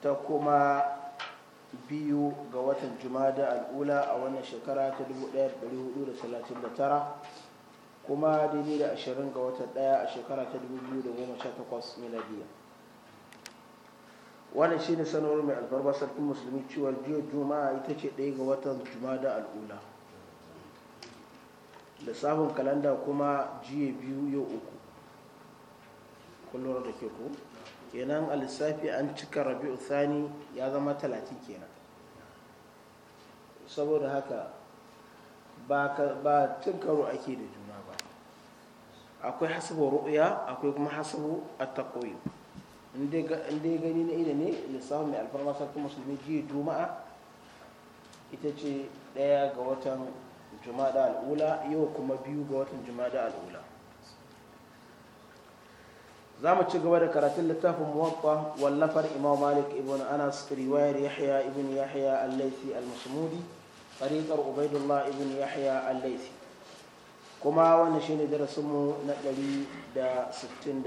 ta kuma biyu ga watan jumada al'ula a wannan shekara ta 1439 kuma daidai da ashirin ga watan daya a shekara ta 2018 miladiya wannan shine sanarwar mai alfarba sarkin musulmi cewar jiya juma'a ita ce ɗaya ga watan jumada al'ula lissafin kalanda kuma jiya biyu yau uku kullum da ke ku kenan a lissafi an cika rabi'u thani ya zama talatin kenan saboda haka ba cin karo ake da juna ba akwai hasabu ru'ya akwai kuma hasabu a takoyi inda ya gani na ida ne lissafi mai alfarma sarkin musulmi jiya juma'a ita ce ɗaya ga watan juma'a al'ula yau kuma biyu ga watan juma'a al'ula za mu ci gaba da karatun littafin muwaffa wallafar imam malik ibn anas riwayar yahya ibn yahya al-laisi al-masmudi tariqar ubaidullah ibn yahya al-laisi kuma wannan shine darasin mu na 169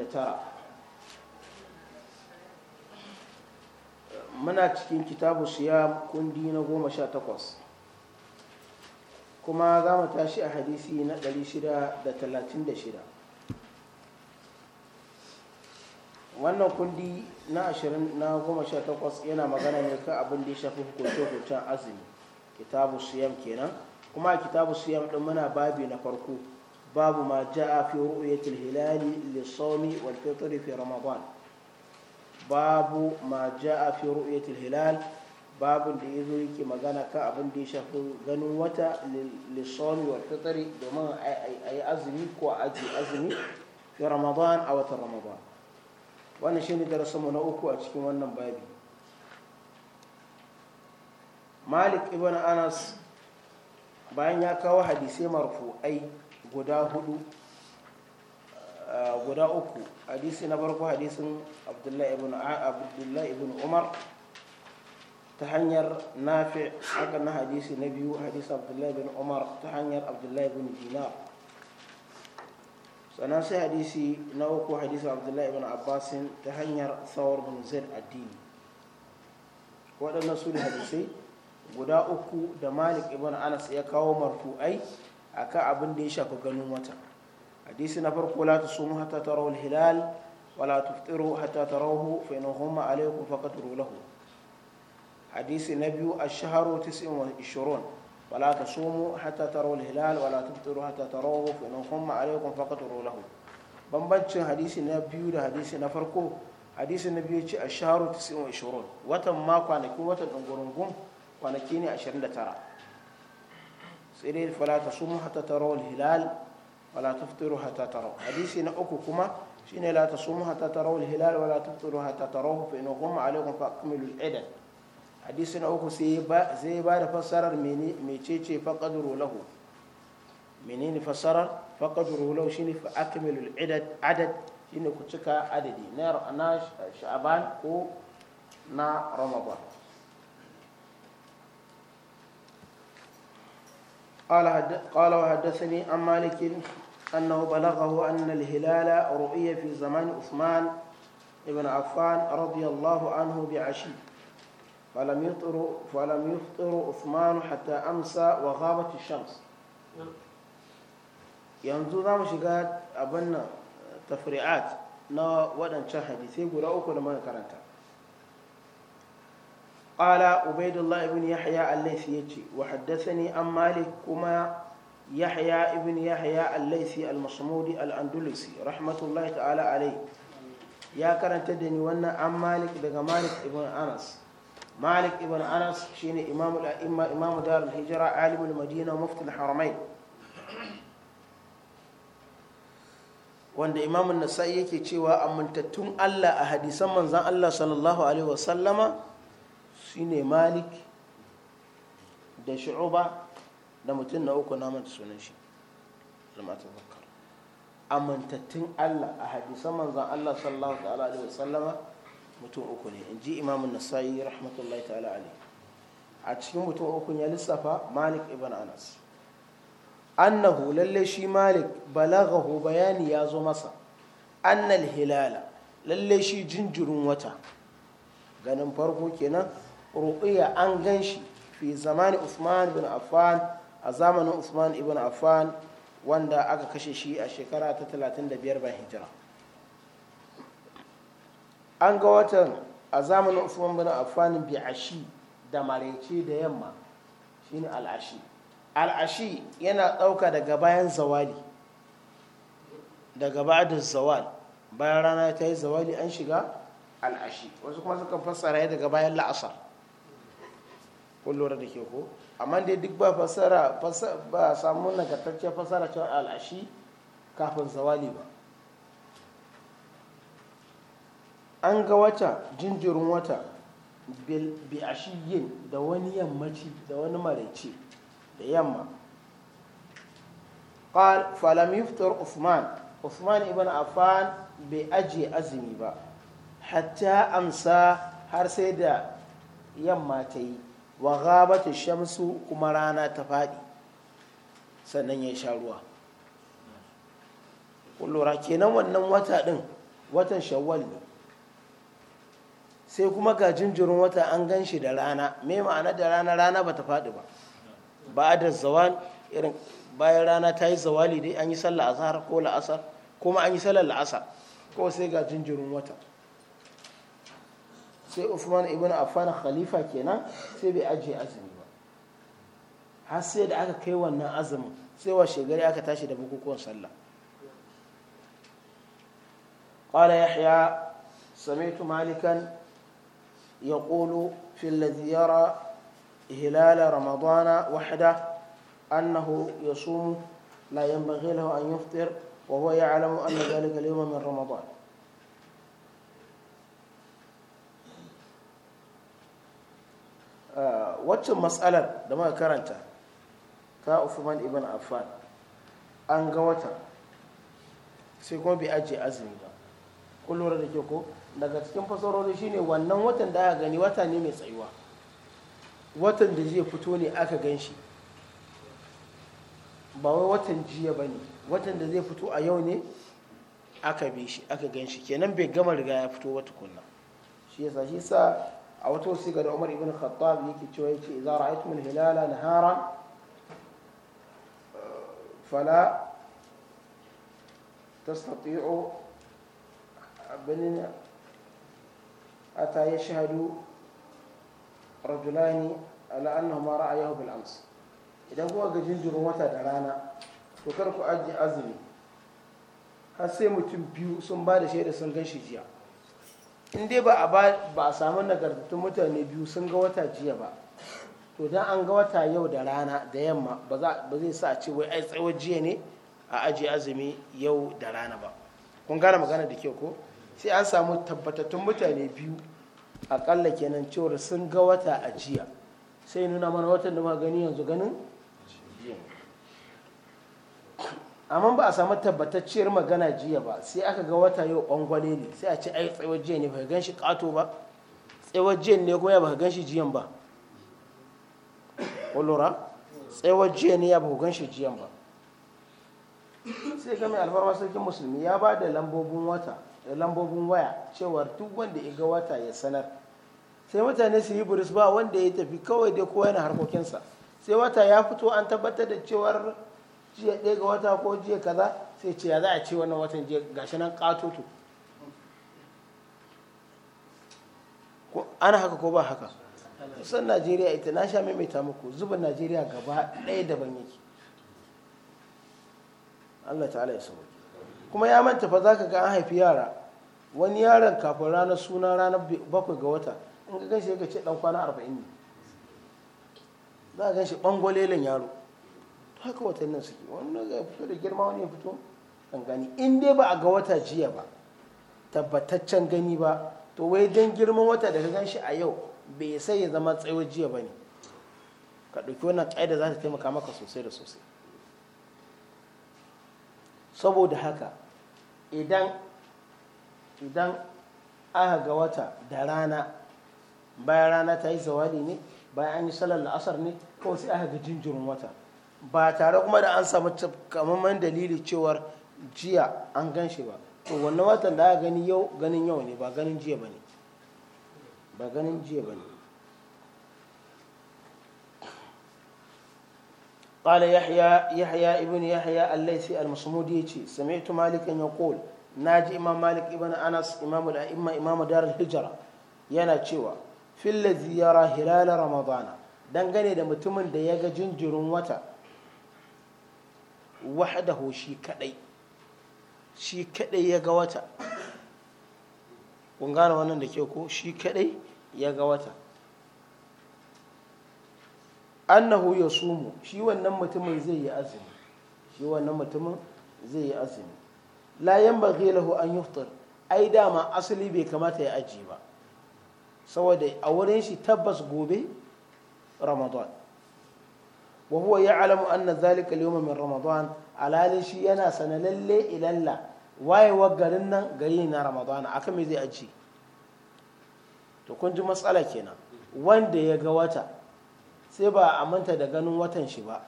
muna cikin kitabu siyam kundi na 18 kuma za mu tashi a hadisi na 636 wannan kundi na 20 na 18 yana magana ne kan abin da ya shafi hukunci-hukuncin azumi kitabu siyam kenan kuma a kitabu siyam din muna babi na farko babu ma ja'a fi ru'yatil hilali sawmi wal fitri fi ramadan babu ma ja'a fi ru'yatil hilal babun da yazo yake magana kan abin da ya shafi ganin wata sawmi wal fitri domin ayi azumi ko aji azumi fi ramadan a watan ramadan wannan shine darasinmu na uku a cikin wannan babi malik ibn anas bayan ya kawo hadisai marfu'ai guda hudu eh, guda uku hadisi na farko hadisin abdullahi ibn umar ta hanyar nafi hakan na hadisi na biyu hadisi abdullahi ibn umar ta hanyar abdullahi ibn dinar sannan sai hadisi na uku hadisi abdullahi ibn abbasin ta hanyar tsawar bin addini waɗannan su da hadisai guda uku da malik ibn anas ya kawo marfu'ai akan abin da ya shafi ganin wata hadisi na farko la tusumu hatta tarawu hilal wa la tuftiru hatta tarawu fa in humma alaykum faqatru lahu hadisi na biyu ash-shahru 29 ولا تصوموا حتى تروا الهلال ولا تفطروا حتى تروه فإن هم عليكم فقتروا له bambancin hadisi na biyu da hadisi na farko hadisi na biyu ce a shaharu 29 watan ma kwanakin watan ɗungurungun kwanaki ne 29 sai dai fala ta sumu hata taro hilal wala tuftiru hata taro hadisi na uku kuma shine la ta sumu hilal wala tuftiru hata idan حديثنا أخو زيبا زيبا فسر مني ميتشي فقدروا له منين فسر فقدروا له شنو فأكمل العدد عدد شنو كتك عددي نار ناش شعبان كو نا رمضان قال هد... قال وحدثني عن مالك انه بلغه ان الهلال رؤية في زمان عثمان ابن عفان رضي الله عنه بعشي فلم يفطر فلم يفطر عثمان حتى أمسى وغابت الشمس yanzu za mu shiga abin nan tafri'at na waɗancan hadisai guda uku da muka karanta qala ubaidullah ibn yahya al-laysi yace wa haddathani an malik kuma yahya ibn yahya allaisi al-masmudi al-andalusi rahmatullahi ta'ala alai ya karanta da ni wannan an malik daga malik ibn anas malik ibn anas shine imamu imma imamu darul hijra alimul madina muftin haramain wanda imamun nasa'i yake cewa amintattun Allah a hadisan manzan Allah sallallahu alaihi wasallama shine malik da shu'uba da mutum na uku naman sunan shi amintattun Allah a hadisan manzan Allah sallallahu alaihi wasallama mutum uku ne in ji imamun nasa'i rahmatullahi ta'ala ali a cikin mutum uku ya lissafa malik ibn anas annahu lalle shi malik balaghahu bayani ya zo masa annal hilala lalle shi jinjirin wata ganin farko kenan ruqiya an ganshi fi zamani usman ibn affan a zamanin usman ibn affan wanda aka kashe shi a shekara ta 35 ba hijira an ga watan a zamanin usman bin affan bi ashi da maraice da yamma shine al'ashi al'ashi yana dauka daga bayan zawali daga ba'da zawal bayan rana ta yi zawali an shiga al'ashi wasu kuma suka fassara ya daga bayan la'asar kun lura da ke ko amma dai duk ba fassara ba samu nagartacciyar fassara cewa al'ashi kafin zawali ba an ga wata jinjirin wata bi yin da wani yammaci da wani maraice da yamma qal falam yuftar Uthman ibn afan bai ajiye azumi ba hatta amsa har sai da yamma ta yi wa ta shamsu kuma rana ta faɗi sannan ya sha ruwa kullura kenan wannan wata ɗin watan shawwal ne sai kuma ga jinjirin wata an gan shi da rana mai ma'ana da rana rana ba ta faɗi ba ba da zawal irin bayan rana ta yi zawali dai an yi sallar azhar ko la'asar kuma an yi sallar la'asar ko sai ga jinjirin wata sai Uthman ibn Affan khalifa kenan sai bai ajiye azumi ba har sai da aka kai wannan azumin sai wa shegari aka tashi da bukukuwan sallah قال يحيى سمعت مالكا يقول في الذي يرى هلال رمضان وحده أنه يصوم لا ينبغي له أن يفطر وهو يعلم أن ذلك اليوم من رمضان matsalar da muka karanta ta ufuman ibn Affan an ga wata sai kuma bai ajiye azumi ba kullum da ke ko daga cikin fasarori shine wannan watan da aka gani wata ne mai tsayuwa watan da zai fito ne aka gan shi ba wai watan jiya ba ne watan da zai fito a yau ne aka bi shi aka gan shi kenan bai gama riga ya fito wata tukunna shi yasa shi sa a wata wasu wasiƙa da Umar ibn Khattab yake cewa yace idza ra'aytum al-hilala naharan fala tastati'u abin ata ya shahadu rajulani ala annahu ma ams idan kuwa ga jinjiru wata da rana to kar ku aji azmi har sai mutum biyu sun ba da shaida sun ganshi jiya in dai ba a ba a samu nagartattun mutane biyu sun ga wata jiya ba to dan an ga wata yau da rana da yamma ba zai sa a ce wai ai tsawon jiya ne a aji azumi yau da rana ba kun gane magana da kyau ko sai an samu tabbatattun mutane biyu akalla kenan cewar sun ga wata a jiya sai nuna mana watan da gani yanzu ganin amma ba a samu tabbatacciyar magana jiya ba sai aka ga wata yau kwangwale ne sai a ce ai tsawon jiya ne ba gan shi kato ba tsawon jiya ne kuma ya ba gan shi jiyan ba ƙulura tsawon jiya ne ya ba gan shi jiyan ba sai ga mai alfarma sarkin musulmi ya ba da lambobin wata da lambobin waya cewar duk wanda ya ga wata ya sanar sai mutane su yi buris ba wanda ya tafi kawai dai kowa yana harkokinsa sai wata ya fito an tabbatar da cewar jiya ɗaya ga wata ko jiya kaza sai ce ya za a ce wannan watan jiya gashi nan katoto ana haka ko ba haka kusan najeriya ita na sha maimaita muku zubin najeriya gaba ɗaya daban yake allah ta'ala ya saboda kuma ya manta fa za ka ga an haifi yara wani yaron kafin ranar suna ranar bakwai ga wata in ka ganshi ka ce dan kwana arba'in ne za a ganshi bangwalelen yaro to haka watannin suke wani ga fito da girma wani ya fito dan gani in dai ba a ga wata jiya ba tabbataccen gani ba to wai dan girman wata da ka ganshi a yau bai sai ya zama tsayuwar jiya ba ne ka ɗauki wannan ƙa'ida za ta taimaka maka sosai da sosai saboda haka idan idan aka ga wata da rana bayan rana ta yi zawali ne bayan an yi salar la'asar ne kawai sai aka ga jinjirin wata ba tare kuma da an samu takamaiman dalili cewar jiya an gan shi ba to wannan watan da aka gani yau ganin yau ne ba ganin jiya ba ne ba ganin jiya ba ne قال يحيى يحيى ابن يحيى الليثي المصمودي سمعت مالك يقول ناجي امام مالك ابن انس امام الائمه امام دار الهجره يانا تشوى في الذي يرى هلال رمضان dangane ده mutumin ده ya ga وتا وحده شي shi شي shi kadai وتا ga غانا wannan da ke ko shi kadai ya ga wata annahu ya sumu shi wannan mutumin zai yi azumi shi wannan mutumin zai yi azumi la yanbaghi lahu an yuftar ai dama asali bai kamata ya aji ba saboda a wurin shi tabbas gobe ramadan wa huwa ya'lamu anna zalika al-yawma min ramadan alali shi yana sana lalle ilalla wayewa garin nan gari na ramadan akan me zai aji to kun ji matsala kenan wanda ya ga wata sai ba a manta da ganin watan shi ba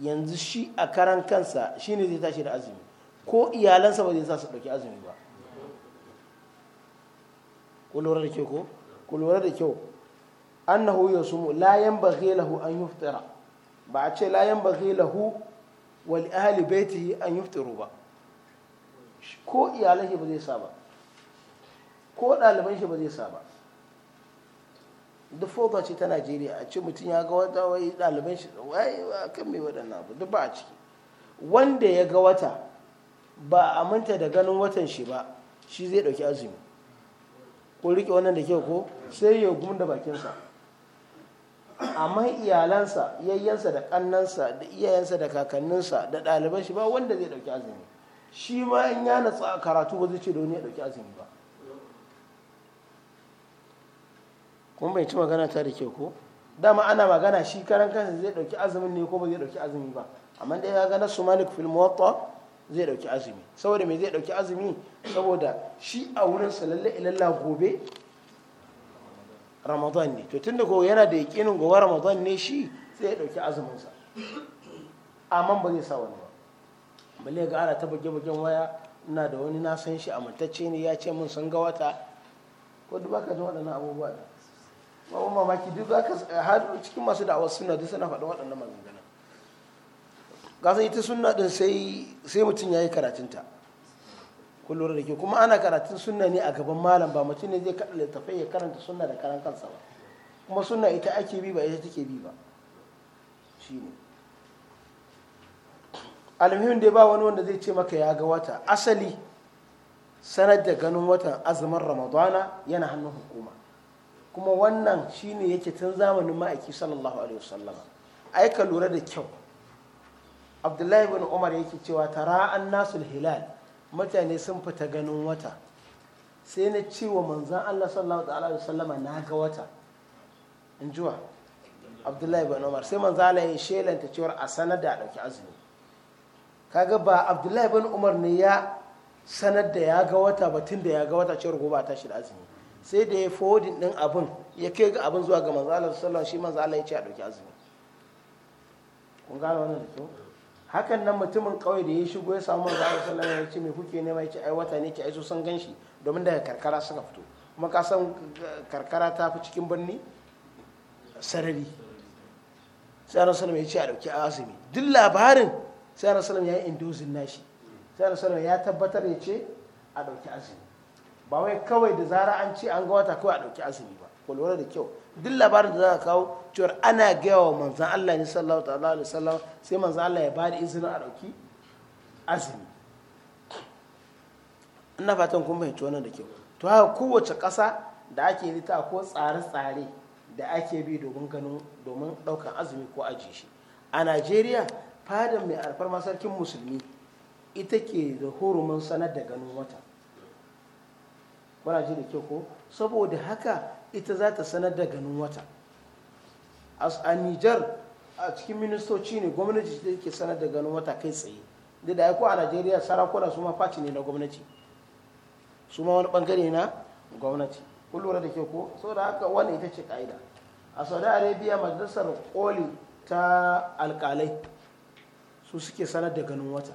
yanzu shi a karan kansa shi ne zai tashi da azumi ko iyalansa ba zai sa su ɗauki azumi ba ku lura da kyau ko ku da kyau annahu yasumu la yanbaghi lahu an fitara ba a ce la yanbaghi lahu wal ahli baitihi an fitaro ba ko iyalan shi ba zai sa ba ko ɗaliban shi ba zai sa ba duk fota ce ta najeriya a ce mutum ya ga wata wai ɗaliban shi wai a kan mai waɗannan abu duk ba a ciki wanda ya ga wata ba a manta da ganin watan shi ba shi zai ɗauki azumi ko riƙe wannan da kyau ko sai ya gumi da bakinsa amma iyalansa yayyansa da ƙannansa da iyayensa da kakanninsa da ɗaliban shi ba wanda zai ɗauki azumi shi ma in ya natsa karatu ba zai ce da wani ya ɗauki azumi ba kuma bai ci magana ta da ke ko dama ana magana shi karan kansa zai dauki azumin ne ko ba zai dauki azumi ba amma dai ya ga nasu malik fil muwatta zai dauki azumi saboda mai zai dauki azumi saboda shi a wurin sa lalle ilalla gobe ramadan ne to tunda ko yana da yakinin gobe ramadan ne shi zai dauki azumin sa amma ba zai sa wani ba balle ga ana ta bage bagen waya ina da wani na san shi amintacce ne ya ce mun san ga wata ko duk ka ji waɗannan abubuwa mawon mamaki duk aka eh, har cikin masu da'awar suna duk suna faɗin waɗannan maganganun gasa ita suna ɗin sai mutum ya yi karatunta kullum da ke kuma ana karatun suna ne a gaban malam ba mutum ne zai kaɗa littafai ya karanta suna da karan kansa ba kuma suna ita ake bi ba ita take bi ba shi ne alhamdulillah dai ba wani wanda zai ce maka ya ga wata asali sanar da ganin watan azumin ramadana yana hannun hukuma kuma wannan shine yake tun zamanin ma'aiki sallallahu alaihi wasallama ai ka lura da kyau abdullahi bin umar yake cewa tara an nasul hilal mutane sun fita ganin wata sai na ce wa manzan allah sallallahu alaihi wasallama na ga wata in jiwa abdullahi bin umar sai manzan allah ya shelanta cewar a sanar da a ɗauki azumi kaga ba abdullahi bin umar ne ya sanar da ya ga wata batun da ya ga wata cewar gobe ta shi da azumi sai da ya fodin din abin ya kai ga abin zuwa ga manzo Allah sallallahu shi manzo Allah ya ce a dauki azumi kun gane wannan da kyau hakan nan mutumin kauye da ya shigo ya samu manzo Allah sallallahu alaihi ya ce me kuke nema ya ce ai wata ne ki ai sun ganshi domin daga karkara suka fito kuma ka san eh, karkara ta fi cikin birni sarari sai Allah sallallahu ya ce a dauki azumi duk labarin sai Allah sallallahu ya yi indozin nashi sai Allah sallallahu ya tabbatar ya ce a dauki azumi ba wai kawai da zara an ce an ga wata kawai a ɗauki azumi ba kwalwara da kyau duk labarin da za ka kawo cewar ana gaya wa manzan Allah ne sallallahu ta'ala alaihi wasallam sai manzan Allah ya bada izinin a ɗauki azumi ina fatan kun fahimci wannan da kyau to haka kowace ƙasa da ake lita ko tsare-tsare da ake bi domin ganin domin ɗaukar azumi ko ajiye shi a Najeriya fadan mai alfarma sarkin musulmi ita ke da hurumin sanar da ganin wata kuna ji da ke ko saboda haka ita za ta sanar da ganin wata a nijar a cikin ministoci ne gwamnati da ke sanar da ganin wata kai tsaye da da aiko a najeriya sarakuna su ma faci ne na gwamnati su ma wani bangare na gwamnati kun lura da ke ko saboda haka wannan ita ce ka'ida a saudi arabia majalisar koli ta alkalai su suke sanar da ganin wata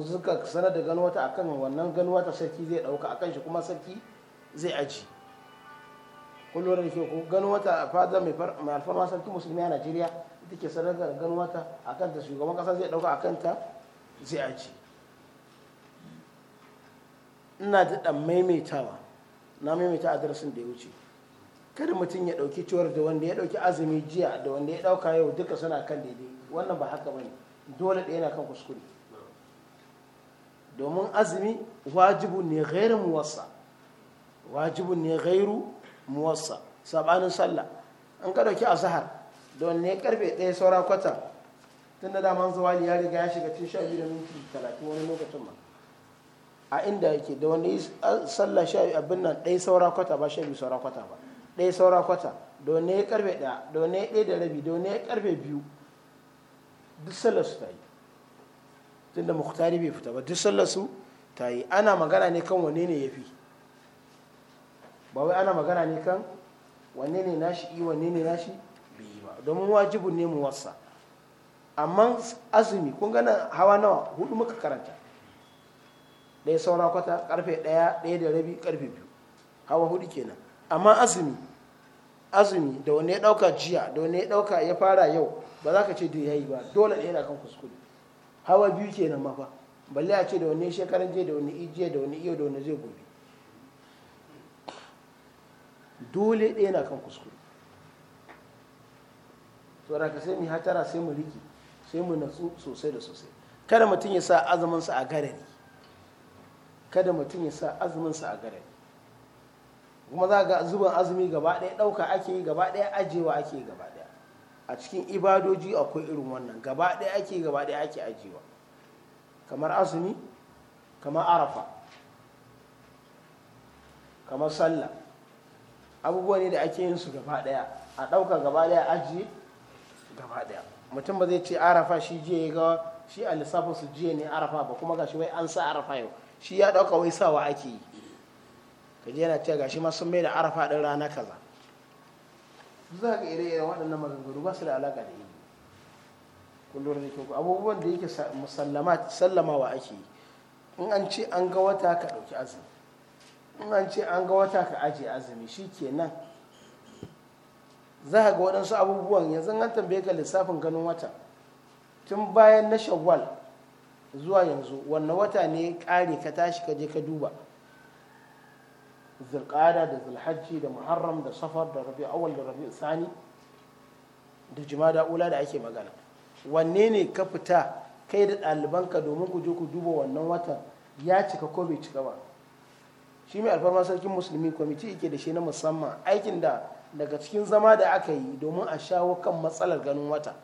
suka sanar da ganuwata akan wannan ganuwata sarki zai dauka akan shi kuma sarki zai aji kullum da ke ku ganuwata a fadar mai alfarma sarki musulmi a najeriya ita ke sanar da ganuwata akan ta shugaban kasa zai dauka akan ta zai aji ina da maimaitawa na maimaita a darasin da ya wuce kada mutum ya ɗauki ciwar da wanda ya ɗauki azumi jiya da wanda ya ɗauka yau duka suna kan daidai wannan ba haka ba ne dole da yana kan kuskure domin azumi wajibu ne gairu muwassa wajibu ne gairu muwassa sabanin sallah an ka dauki azhar don ne karfe ɗaya saura kwata tun da daman zawali ya riga ya shiga tun sha biyu da minti talatin wani lokacin ma a inda yake da wani sallah sha biyu abin nan ɗaya saura kwata ba sha biyu saura kwata ba ɗaya saura kwata da wani karfe ɗaya da wani ɗaya da rabi da wani karfe biyu duk sallah su ta yi tunda mukhtari bai fita ba duk sallar su ta yi ana magana ne kan wanne ne ya fi ba wai ana magana ne kan wanne ne nashi yi wanne ne nashi bai yi ba domin wajibin ne mu wasa amma azumi kun gana hawa nawa hudu muka karanta ɗaya saura kwata karfe ɗaya ɗaya da rabi karfe biyu hawa hudu kenan amma azumi azumi da wanne ya ɗauka jiya da wanne ya ɗauka ya fara yau ba za ka ce da ya yi ba dole ɗaya na kan kuskure hawa biyu kenan ma mafa balle a ce da wani shekaran je da wani ijiya da wani iyo da wani zai gobe dole ɗaya na kan kuskure saboda ka sai mu hatara sai mu riki sai mu natsu sosai da sosai kada mutum ya sa azuminsa a garari kada mutum ya sa azuminsa a garari kuma za ga zuban azumi gaba ɗaya ɗauka ake yi gaba ɗaya ajewa ake yi gaba ɗaya a cikin ibadoji akwai irin wannan gaba ɗaya ake gaba ɗaya ake ajiyewa kamar azumi kamar arafa kamar sallah abubuwa ne da ake yin su gaba ɗaya a ɗauka gaba ɗaya ajiye gaba ɗaya mutum ba zai ce arafa shi jiya ya ga shi a lissafin su jiya ne arafa ba kuma gashi wai an sa arafa yau shi ya ɗauka wai sawa ake yi Ka kaji yana ce gashi ma sun mai da arafa ɗin rana kaza za ka ire ire waɗannan maganganu ba su da alaƙa da ilimi kullum da kyau abubuwan da yake sallamawa ake yi in an ce an ga wata ka ɗauki azumi in an ce an ga wata ka ajiye azumi shi kenan za ka ga waɗansu abubuwan yanzu an tambaye ka lissafin ganin wata tun bayan na shawwal zuwa yanzu wannan wata ne ƙare ka tashi ka je ka duba zulqada da zulhajji da muharram da safar da rabi awal da rabi sani da jumada ula da ake magana wanne ne ka fita kai da ɗalibanka domin ku je ku duba wannan watan ya cika ko bai cika ba shi mai alfarma sarkin musulmi kwamiti yake da shi na musamman aikin da daga cikin zama da aka yi domin a shawo kan matsalar ganin wata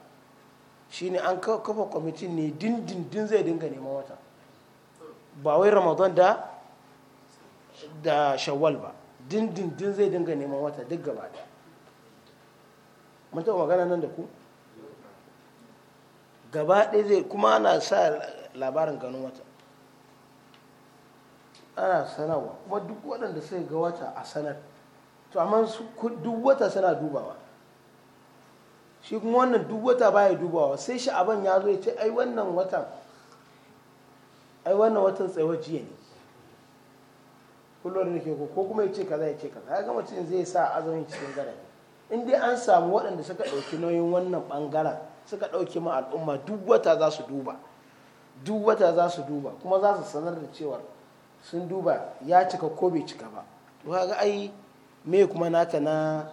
shine an kafa kwamitin ne dindindin zai dinga neman wata ba wai ramadan da da shawwal ba dindindin zai dinga neman wata duk gaba da mun taɓa magana nan da ku gaba ɗaya zai kuma ana sa labarin ganin wata ana sanarwa kuma duk waɗanda sai ga wata a sanar to amma duk wata suna dubawa shi kuma wannan duk wata baya dubawa sai abin ya zo ya ce ai wannan watan ai wannan watan tsayuwar jiya ne kullum da ke ko kuma ya ce kaza ya ce kaza ya gama cin zai sa azumin cikin garabi in dai an samu waɗanda suka ɗauki nauyin wannan ɓangaren suka ɗauki ma al'umma duk wata za su duba duk wata za su duba kuma za su sanar da cewa sun duba ya cika ko bai cika ba to kaga ai me kuma naka na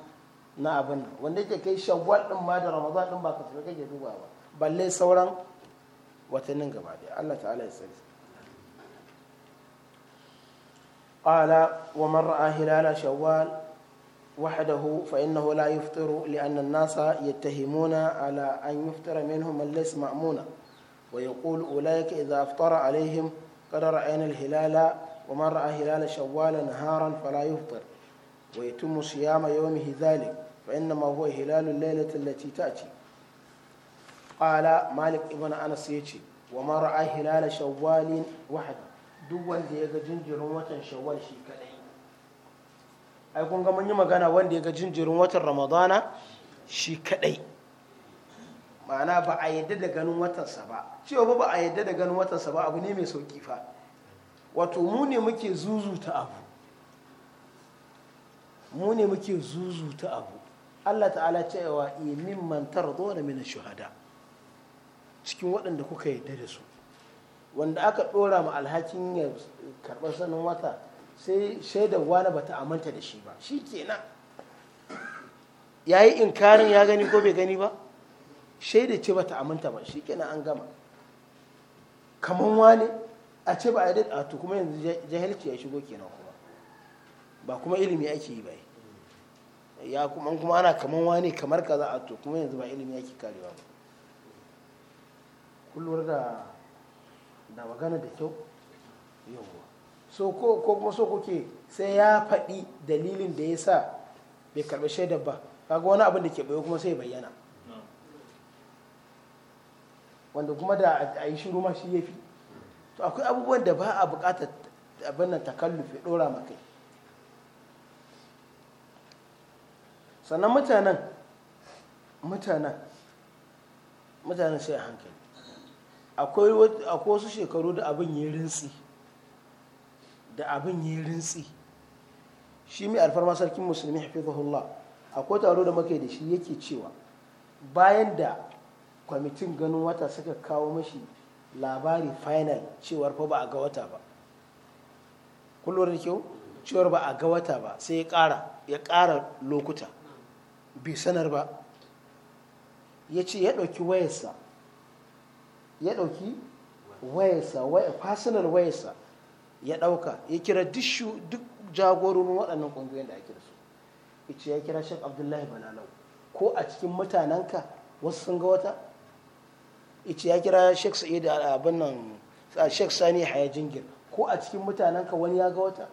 na abin nan wanda yake kai shawwal din ma da ramadan din ba ka tafi kake duba ba balle sauran watannin gaba Allah ta'ala ya tsare قال ومن رأى هلال شوال وحده فإنه لا يفطر لأن الناس يتهمون على أن يفطر منهم من ليس مأمونا ويقول أولئك إذا أفطر عليهم قد رأينا الهلال ومن رأى هلال شوال نهارا فلا يفطر ويتم صيام يومه ذلك فإنما هو هلال الليلة التي تأتي قال مالك ابن أنس يجي ومن رأى هلال شوال وحده duk wanda ya ga jinjirin watan shawwal shi kadai ai kun ga mun yi magana wanda ya ga jinjirin watan ramadana shi kadai ma'ana ba a yadda da ganin watansa ba cewa ba a yadda da ganin watansa ba abu ne mai sauki fa wato mu ne muke zuzuta abu mu ne muke zuzuta abu Allah ta'ala cewa imin mantar zo da mina shuhada cikin waɗanda kuka yadda da su wanda aka ɗora ma alhakin ya karɓar sanin wata sai shaidar wani bata amanta da shi ba shi kenan ya yi inkarin ya gani ko bai gani ba shaidar ce bata amanta ba shi kenan an gama kamar wani a ce ba a yi a to kuma yanzu jahilci ya shigo kenan kuma ba kuma ilimi ake yi ba ya kuma kuma ana kamar wani kamar kaza a to kuma yanzu ba ilimi ake karewa ba kullum da na magana da kyau yawwa so ko ko kuma so kuke sai ya faɗi dalilin da ya sa bai karɓi shaidar ba kaga wani abin da ke bayo kuma sai bayyana wanda kuma da a yi shiru ma shi ya fi to akwai abubuwan da ba a buƙatar abin nan takallufi ɗora maka sannan mutanen mutanen mutanen sai a hankali akwai wasu shekaru da abin yi rintsi da abin ya rintsi shi mai alfarma sarkin musulmi hafizahullah akwai taro da makai da shi yake cewa bayan da kwamitin ganin wata suka kawo mashi labari final cewar fa ba a ga wata ba kullum da kyau cewar ba a ga wata ba sai ya kara lokuta bai sanar ba ya ce ya ɗauki wayarsa ya ɗauki wayarsa fasinar wayarsa ya ɗauka ya kira duk jagororin waɗannan ƙungiyoyin da ake da su ice ya kira shek abdullahi balalau ko a cikin mutanenka wasu sun ga wata ice ya kira shek a abin nan shek sani haya jingir ko a cikin mutanenka wani ya ga wata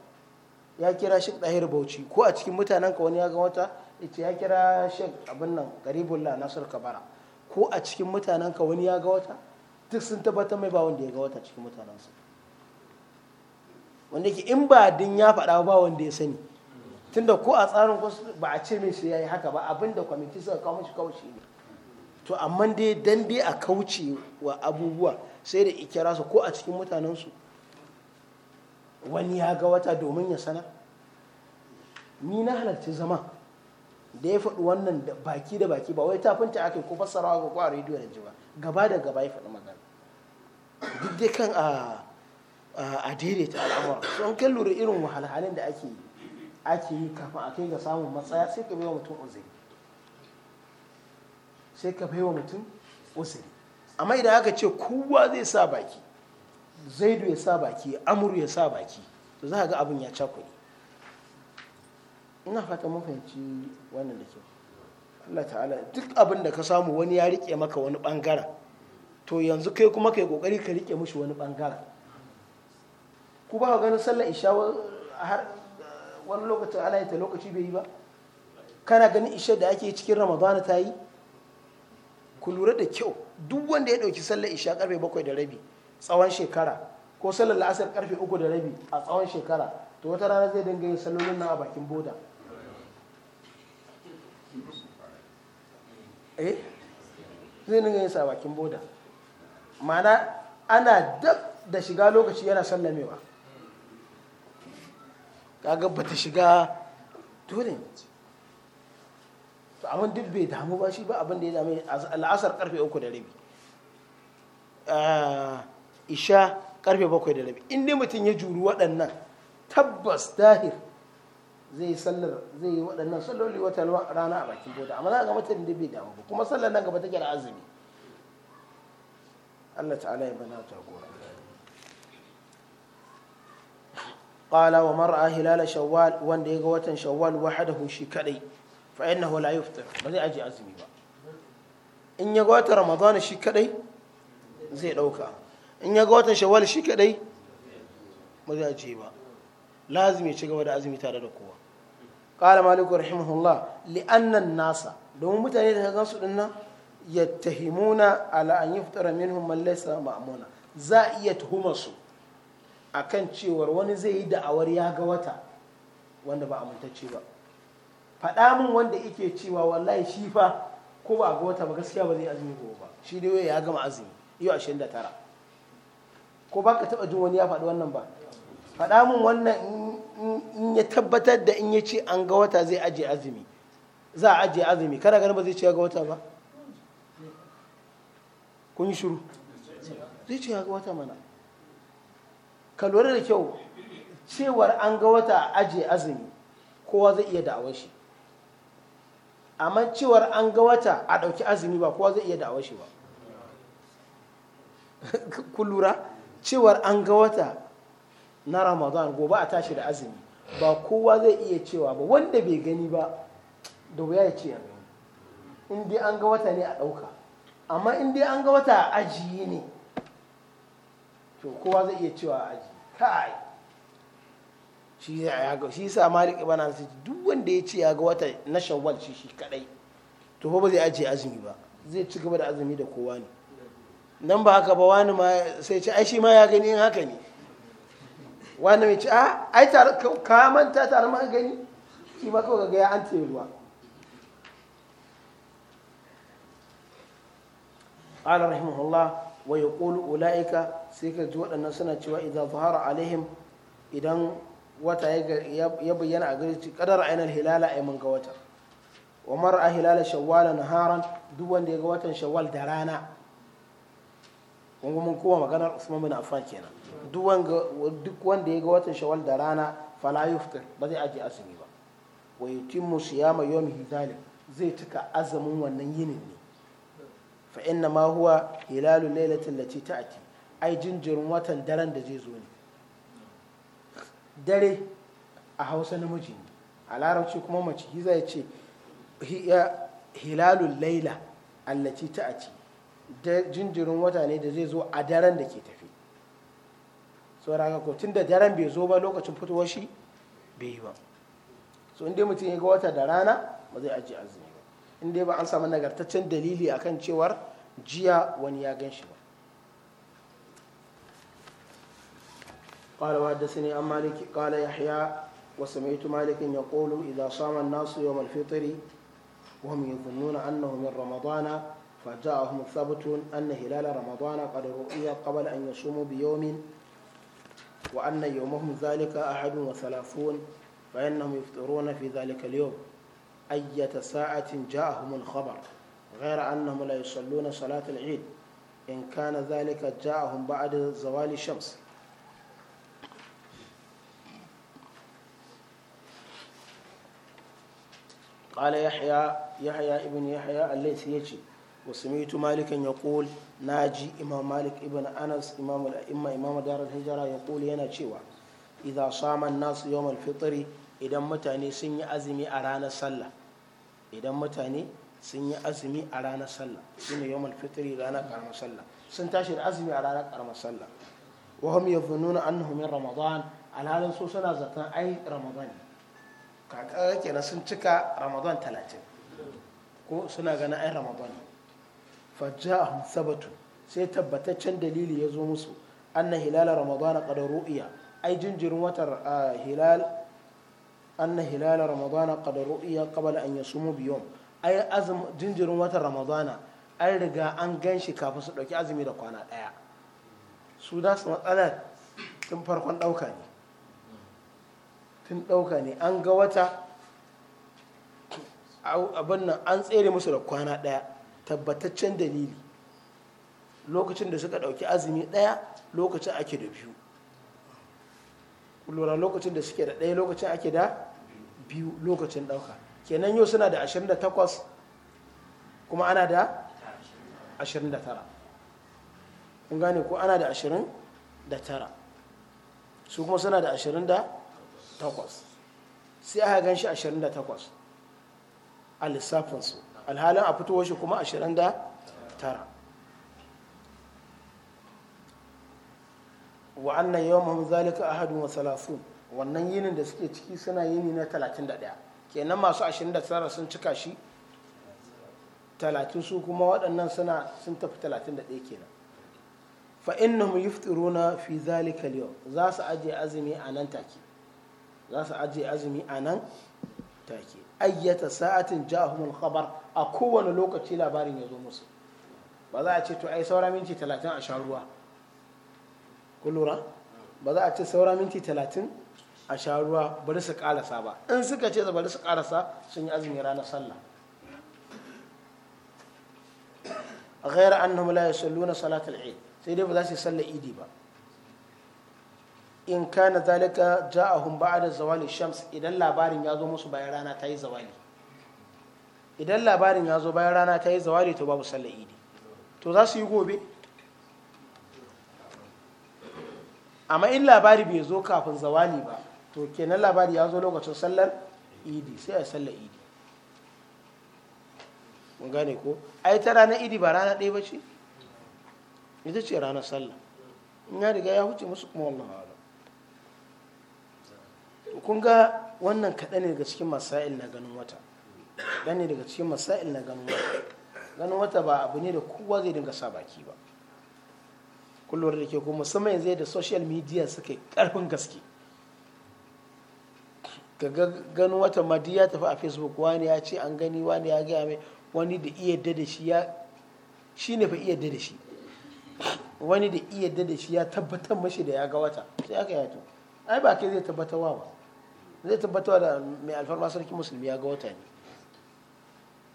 ya kira shek ɗahir bauchi ko a cikin mutanenka wani ya ga wata ice ya kira shek abin nan garibullah nasir kabara ko a cikin mutanenka wani ya ga wata duk sun tabbatar mai ba wanda ya ga wata cikin mutanensu wanda ke in ba din ya faɗa ba wanda ya sani tunda ko a tsarin ba a ce mai sai ya yi haka ba abinda kwamiti suka kawo shi ne to amma dai dan dai a kauce wa abubuwa sai da ikira su ko a cikin mutanensu wani ya ga wata domin ya sana ni na halarci zama da ya faɗi wannan baki da baki ba wai tafinta ake ko fassarawa ga kwa rediyo da ji ba gaba da gaba ya faɗi magana duk dai kan a daidaita al'amura an kan lura irin wahalhalin da ake ake yi kafin a kai ga samun matsaya sai ka baiwa mutum uzuri sai ka baiwa mutum uzuri amma idan aka ce kowa zai sa baki zaidu ya sa baki amuru ya sa baki to za a ga abin ya cakuɗe ina fata mun fahimci wannan da kyau Allah ta'ala duk abin da ka samu wani ya rike maka wani bangaren to yanzu kai kuma kai kokari ka rike mushi wani bangaren ku ba ganin sallar isha har wani lokacin ala ta lokaci bai yi ba kana ganin isha da ake cikin ramadana ta yi ku lura da kyau duk wanda ya ɗauki sallar isha karfe bakwai da rabi tsawon shekara ko sallar la'asar karfe uku da rabi a tsawon shekara to wata rana zai dinga yin sallolin nan a bakin boda eh zai dinga yin sa a bakin boda ma'ana ana dab da shiga lokaci yana sallamewa kaga ba ta shiga dole to abin duk bai damu ba shi ba abin da ya dame al'asar karfe uku da rabi ah, isha karfe bakwai da rabi inda mutum ya juru waɗannan tabbas dahir zai sallar zai yi waɗannan salloli wata rana a bakin bota amma za ga mutum da bai damu ba kuma sallar nan gaba take da azumi Allah ta'ala ya bana jagora qala wa mar'a hilala shawwal wanda ya ga watan shawwal wahdahu shi kadai fa innahu ya yuftar ba zai aji azumi ba in ya ga watan ramadana shi kadai zai ɗauka. in ya ga watan shawwal shi kadai ba zai aji ba lazimi ya ci gaba da azumi tare da kowa qala maliku rahimahullah li anna an-nasa domin mutane da ka gansu dinnan yattahimuna ala an yuftara minhum man laysa ma'muna za a iya tuhumar su akan cewar wani zai yi da'awar ya ga wata wanda ba amintacce ba faɗa min wanda yake cewa wallahi shi fa ko ba a ga wata ba gaskiya ba zai azumi ko ba shi dai ya gama azumi yau 29 ko ba ka taɓa jin wani ya faɗi wannan ba faɗa min wannan in ya tabbatar da in ya ce an ga wata zai ajiye azumi za a ajiye azumi kana ganin ba zai ce ga wata ba kun yi shuru zai ce ga wata mana ka lura da kyau cewar an ga wata a ajiye azumi kowa zai iya da'awar shi amma cewar an ga wata a ɗauki azumi ba kowa zai iya da'awar shi ba ku lura cewar an ga wata na ramadan gobe a tashi da azumi ba kowa zai iya cewa ba wanda bai gani ba da wuya ya ce in dai an ga wata ne a ɗauka amma in dai an ga wata ajiye ne to kowa zai iya cewa aji kai shi ya ga shi sa malik ibn anas duk wanda ya ce ya ga wata na shawwal shi shi kadai to ba zai ajiye azumi ba zai ci gaba da azumi da kowa ne nan ba haka ba wani ma sai ce ai shi ma ya gani in haka ne wani mai ce a ah, ai ka manta tare ma gani shi ma kawai ga ya an ruwa qala rahimahullah wa yaqulu ulaika sai ka ji waɗannan suna cewa idza zahara alaihim idan wata ya bayyana a gare shi kadar ainal hilala ay mun ga wata wa mar'a hilala shawwal naharan duk wanda ya ga watan shawwal da rana kun mun kowa maganar Usman bin kenan duk wanda ya ga watan shawwal da rana ba zai ba wa yutimmu zai cika azumin wannan yinin fa inna ma huwa hilalu lailatin lati ta'ati ai jinjirin watan daren da zai zo ne dare a hausa namiji ne a larabci kuma mace hi zai ce hilalu laila allati ta'ati jinjirin wata ne da zai zo a daren da ke tafi saboda ko tun da daren bai zo ba lokacin fitowar shi bai yi ba so inda mutum ya ga wata da rana ba zai ajiye azumi in dai ba an samu nagartaccen dalili a kan cewar jiya wani ya gan shi ba ƙwarawa da sani an maliki ya haya wasu mai tu malikin ya ƙolo idan saman nasu yau malfitari wa mai yi nuna an na humin ramadana fajar a humin sabutun an na hilala ramadana ƙararru iya ƙabal an yi sumu biyomin wa an na zalika a hadu wa salafun bayan na mai fitaro na fi zalika liyau أية ساعة جاءهم الخبر غير أنهم لا يصلون صلاة العيد إن كان ذلك جاءهم بعد زوال الشمس قال يحيى يحيى ابن يحيى الليث يجي وسمعت مالكا يقول ناجي إمام مالك ابن أنس إمام الأئمة إمام دار الهجرة يقول ينا شوى إذا صام الناس يوم الفطر إذا متى سن أزمي أرانا صلى idan mutane sun yi azumi a ranar sallah shine yawmul fitri ranar karamar sallah sun tashi da azumi a ranar karamar sallah wa hum nuna annahum min ramadan alhalin so suna zaton ai ramadan kaka kenan sun cika ramadan talatin ko suna ganin ai ramadan a sabatu sai tabbataccen dalili ya zo musu anna hilal ramadan qad ru'ya ai jinjirin watan ah, hilal أن هلال رمضان قد رؤي قبل أن يصوم بيوم أي أزم جنجر وات رمضان أي رجاء أن جنش كافس لك أزمي لك أنا أيا سوداس مسألة تنفر كون أوكاني tun ɗauka ne an ga wata abin nan an tsere musu da kwana ɗaya tabbataccen dalili lokacin da suka ɗauki azumi ɗaya lokacin ake da biyu lura lokacin da suke da ɗaya lokacin ake da biyu lokacin ɗauka kenan yau suna da 28 kuma ana da 29 kun gane ko ana da 29 su kuma suna da 28 sai aka gan shi 28 a lissafinsu alhalin a fitowar shi kuma 29 wa'annan yawon zalika ahadu wa salasun wannan yinin da suke ciki suna yini na 31 kenan masu 29 sun cika shi 30 su kuma waɗannan suna sun tafi 31 kenan fa innahum na fi zalika liyo za su aje azumi a nan take za su aje azumi a nan take ayyata sa'atin jahumul khabar a kowane lokaci labarin ya zo musu ba za a ce to ai saura minti 30 a sha ruwa ku lura ba za a ce saura minti talatin a sha ruwa bari su ƙarasa ba in suka ce bari su ƙarasa sun yi azumi ranar sallah a ghayar annum la yusallu na salatul eid sai dai ba za su yi sallar idi ba in kana zalika ja'ahum ba'da zawali shams idan labarin ya zo musu bayan rana ta yi zawali idan to babu sallar idi to za su yi gobe amma in labari bai zo kafin zawali ba to kenan labari ya zo lokacin sallar idi sai a sallar idi mun gane ko ai ta ranar idi ba rana ɗaya ba ce ita ce ranar sallar in ya riga ya huce musu kuma wallahu to kun ga wannan kaɗa ne daga cikin masail na ganin wata kaɗan ne daga cikin masail na ganin wata ganin wata ba abu ne da kowa zai dinga sa baki ba kullum da ke kuma musamman zai da social media suka yi ƙarfin gaske ka gano wata madi ya tafi a facebook wani ya ce an gani wani ya gaya mai wani da iya da shi ya shi ne fa iya da shi wani da iya da shi ya tabbatar mashi da ya ga wata sai aka yato ai ba ke zai wa ba zai tabbatar da mai alfarma sarki musulmi ya ga wata ne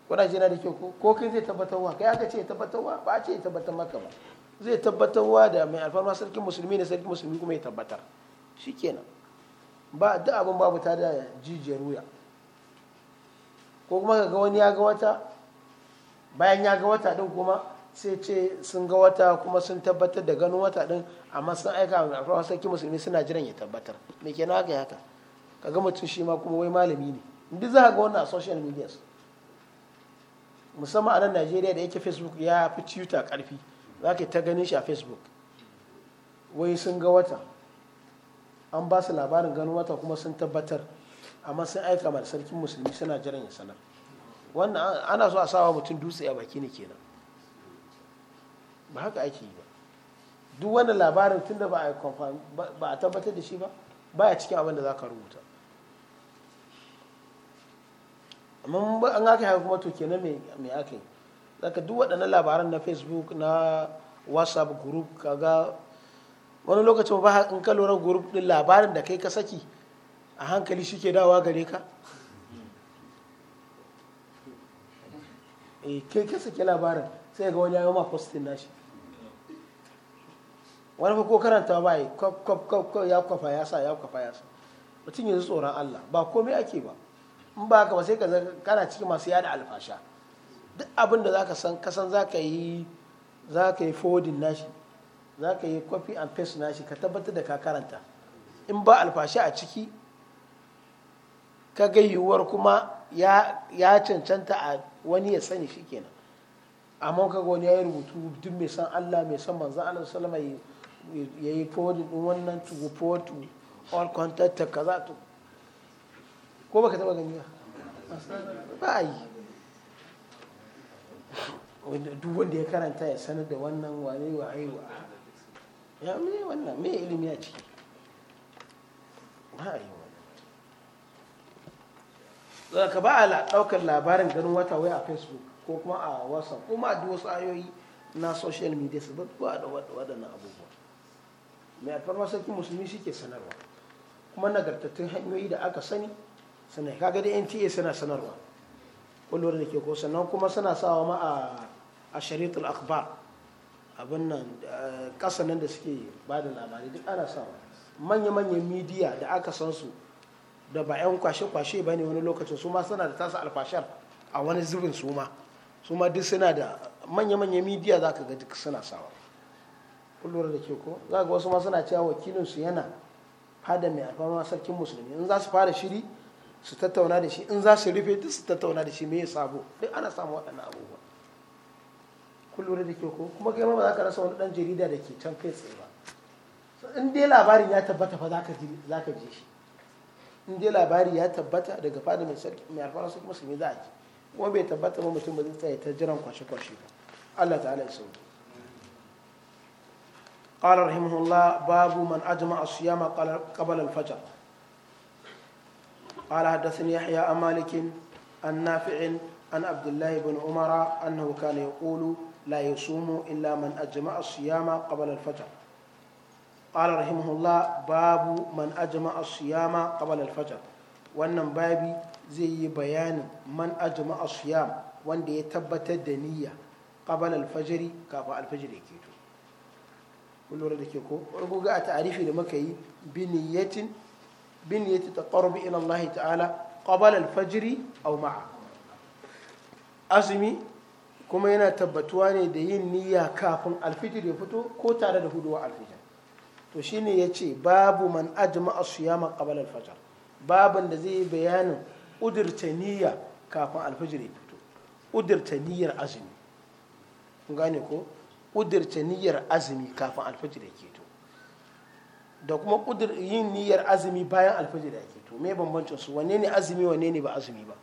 kuna na da kyau ko kai zai wa kai aka ce wa ba a ce tabbatar maka ba zai wa da mai alfarma sarki musulmi ne sarki musulmi kuma ya tabbatar shikenan ba duk abin babu ta da jijiyar wuya ko kuma ga wani ya ga wata bayan ya ga wata din kuma sai ce sun ga wata kuma sun tabbatar da ganin wata din amma sun aika a rawa sarki musulmi suna jiran ya tabbatar mai ke haka ka ka mutum shi ma kuma wai malami ne duk za ga wannan a social media musamman a nan najeriya da yake facebook ya fi twitter karfi za ka ta ganin shi a facebook wai sun ga wata an ba su labarin ganin wata kuma sun tabbatar amma sun aika mai sarkin musulmi suna jiran ya sanar wannan ana so a sawa mutum dutse a baki ne kenan ba haka ake yi ba duk wani labarin tun da ba a tabbatar da shi ba a cikin abin da za ka rubuta amma an haka haka kuma to kenan mai aka yi zaka duk waɗannan labaran na facebook na whatsapp group kaga wani lokacin ba in ka lura group din labarin da kai ka saki a hankali shi ke dawa gare ka eh kai ka saki labarin sai ga wani ya ma postin nashi wani fa ko karanta ba yi ya kwafa ya sa ya kwafa ya sa mutum yanzu tsoron Allah ba komai ake ba in ba ka ba sai ka kana cikin masu yada alfasha duk abin da zaka san kasan zaka yi zaka yi fodin nashi za ka yi copy and paste nashi ka tabbatar da ka karanta in ba alfashi a ciki ka ga yiwuwar kuma ya cancanta a wani ya sani shi kenan amma ga wani ya yi rubutu duk mai san Allah mai san manzan Allah salama ya yi forward din wannan to go forward to all contact za to ko ba ka taba gani ba ba a yi duk wanda ya karanta ya sanar da wannan wane wa'ai wa'ai ya me wannan me ilimi a ciki ba a yi wannan ka ba a ɗaukar labarin ganin wata wai a facebook ko kuma a whatsapp kuma a wasu ayoyi na social media su ba da waɗannan abubuwa mai alfarma sarki musulmi shi ke sanarwa kuma nagartattun hanyoyi da aka sani sanai kaga da nta suna sanarwa kullum da ke ko sannan kuma suna sawa ma a shariatul akhbar abin nan ƙasa nan da suke ba da labarai duk ana sawa manya-manyan midiya da aka san su da ba 'yan kwashe-kwashe ba ne wani lokacin su ma suna da tasa alfashar a wani zubin su ma su ma duk suna da manya-manyan midiya za ka ga duk suna sawa kullum da ke ko za ga wasu ma suna cewa wakilinsu yana fada mai alfama sarkin musulmi in za su fara shiri su tattauna da shi in za su rufe duk su tattauna da shi me ya sabo duk ana samu waɗannan abubuwa kullum da ke ko kuma kai ba za ka rasa wani dan jarida da ke can kai tsaye ba in dai labarin ya tabbata fa za ka je shi in dai labari ya tabbata daga fada mai sarki mai alfara su kuma su za a ji kuma bai tabbata ba mutum ba zai tsaye ta jiran kwashe-kwashe ba Allah ta'ala ya sauke قال رحمه الله باب من أجمع الصيام قبل الفجر قال حدثني يحيى عن مالك عن عبد الله بن عمر أنه كان يقول لا يصوم إلا من أجمع الصيام قبل الفجر قال رحمه الله باب من أجمع الصيام قبل الفجر wannan babi zai yi bayanin man ajima a siyam wanda ya tabbatar da niyya ƙabal alfajiri kafin alfajiri ya keto kun da ke ko wani ga a ta'arifi da muka yi biniyatin ta ƙarbi ila Allah ta'ala ƙabal alfajiri au ma'a azumi kuma yana tabbatuwa ne da yin niyya kafin alfitir ya fito ko tare da huduwa alfitir to shine ya ce babu man ajma'a ma qabla alfajar babin da zai bayanin udurta niyya kafin alfijir ya fito udurta niyyar azumi kun gane ko udurta niyyar azumi kafin alfijir ya keto da kuma yin niyyar azumi bayan alfijir ya keto me bambancin su wanne ne azumi wanne ne ba azumi ba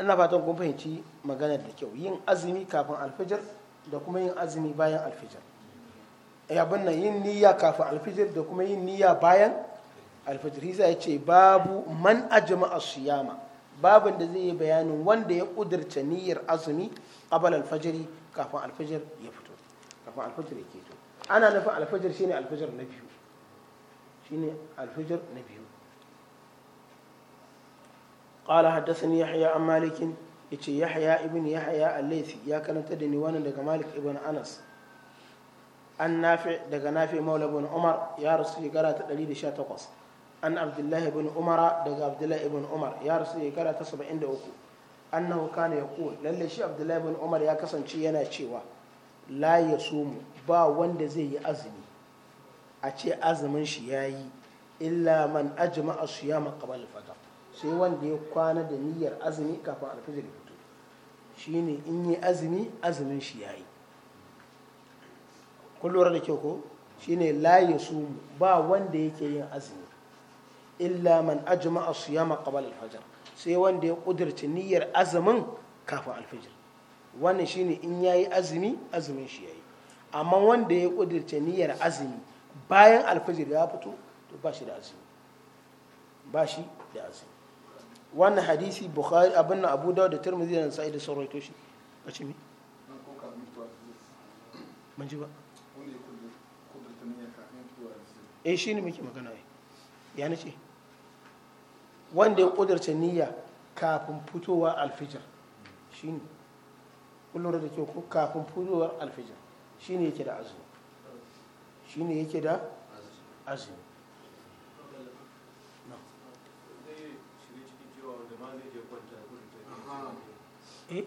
ina fatan kun fahimci maganar da kyau yin azumi kafin alfijir da kuma yin azumi bayan alfijir eh, abin nan yin niyya kafin alfijir da kuma yin niyya bayan alfijir hisa ya ce babu man ajima a suyama babin da zai yi bayanin wanda ya kudurce niyyar azumi abal alfajiri kafin alfijir ya fito kafin alfijir ya keto ana nufin alfijir shine alfijir na biyu shine alfijir na biyu قال حدثني يحيى عن مالك يتي يحيى ابن يحيى الليثي يا كانت تدني وانا دغ مالك ابن انس عن نافع دغ نافع مولى بن عمر يا رسول قرا تدليل شا تقص عن عبد الله بن عمر دغ عبد الله ابن عمر يا رسول قرا تسبع عند اوكو أنه كان يقول للي شي عبد الله بن عمر يا كسن شي yana cewa la yasumu ba wanda zai yi azumi a ce azumin shi yayi illa man ajma'a siyama qabla al-fajr sai wanda ya kwana da niyyar azumi kafin alfijir ya fito ne in yi azumi azumin shi ya yi. lura da kyau ko shine layin su ba wanda yake yin azumi illa man a su qabla kabal alfajar sai wanda ya kudirce niyyar azumin kafin alfijir wannan ne in ya yi azumi azumin shi ya yi. amma wanda ya kudirce niyyar azumi bayan alfijir ya fito to ba shi da azumi ba shi da azumi wannan hadisi bukhari abin na abu dawud da tirmidhi da sa'i da sauran toshi a ce me ba ji eh, shi ne muke magana ya ce wanda ya kudurta niyya kafin fitowa shi ne kullum da ke ko kafin fitowar alfijar shi ne yake da azumi ne yake da azumi Eh?